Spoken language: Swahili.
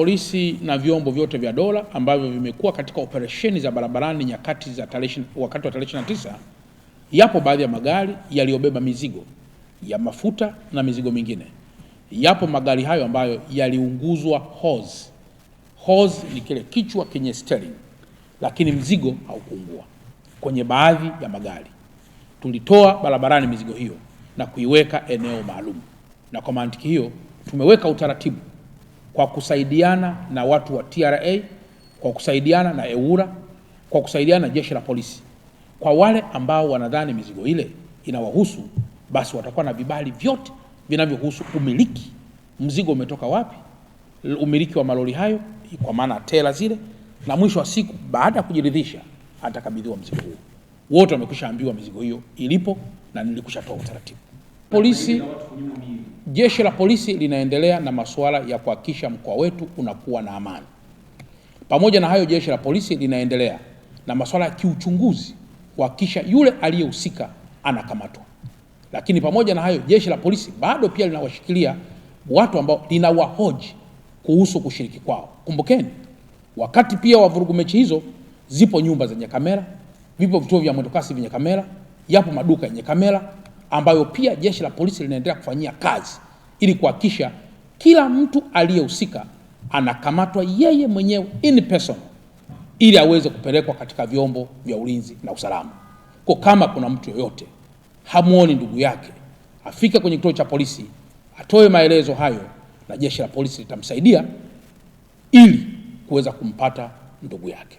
polisi na vyombo vyote vya dola ambavyo vimekuwa katika operesheni za barabarani nyakati za tarehe wakati wa tarehe 29, yapo baadhi ya magari yaliyobeba mizigo ya mafuta na mizigo mingine. Yapo magari hayo ambayo yaliunguzwa hose. Hose ni kile kichwa kenye steering, lakini mzigo haukungua kwenye baadhi ya magari. Tulitoa barabarani mizigo hiyo na kuiweka eneo maalum, na kwa mantiki hiyo tumeweka utaratibu kwa kusaidiana na watu wa TRA, kwa kusaidiana na EWURA, kwa kusaidiana na jeshi la polisi. Kwa wale ambao wanadhani mizigo ile inawahusu, basi watakuwa na vibali vyote vinavyohusu umiliki, mzigo umetoka wapi, umiliki wa malori hayo, kwa maana tela zile, na mwisho wa siku, baada ya kujiridhisha, atakabidhiwa mzigo huo. Wote ambiwa mizigo hiyo ilipo, na nilikusha toa utaratibu polisi Jeshi la polisi linaendelea na masuala ya kuhakikisha mkoa wetu unakuwa na amani. Pamoja na hayo, jeshi la polisi linaendelea na masuala ya kiuchunguzi kuhakikisha yule aliyehusika anakamatwa. Lakini pamoja na hayo, jeshi la polisi bado pia linawashikilia watu ambao linawahoji kuhusu kushiriki kwao. Kumbukeni, wakati pia wa vurugu mechi hizo, zipo nyumba zenye kamera, vipo vituo vya mwendokasi vyenye kamera, yapo maduka yenye kamera ambayo pia jeshi la polisi linaendelea kufanyia kazi ili kuhakikisha kila mtu aliyehusika anakamatwa yeye mwenyewe in person ili aweze kupelekwa katika vyombo vya ulinzi na usalama. Kwa kama kuna mtu yoyote hamuoni ndugu yake, afike kwenye kituo cha polisi atoe maelezo hayo, na jeshi la polisi litamsaidia ili kuweza kumpata ndugu yake.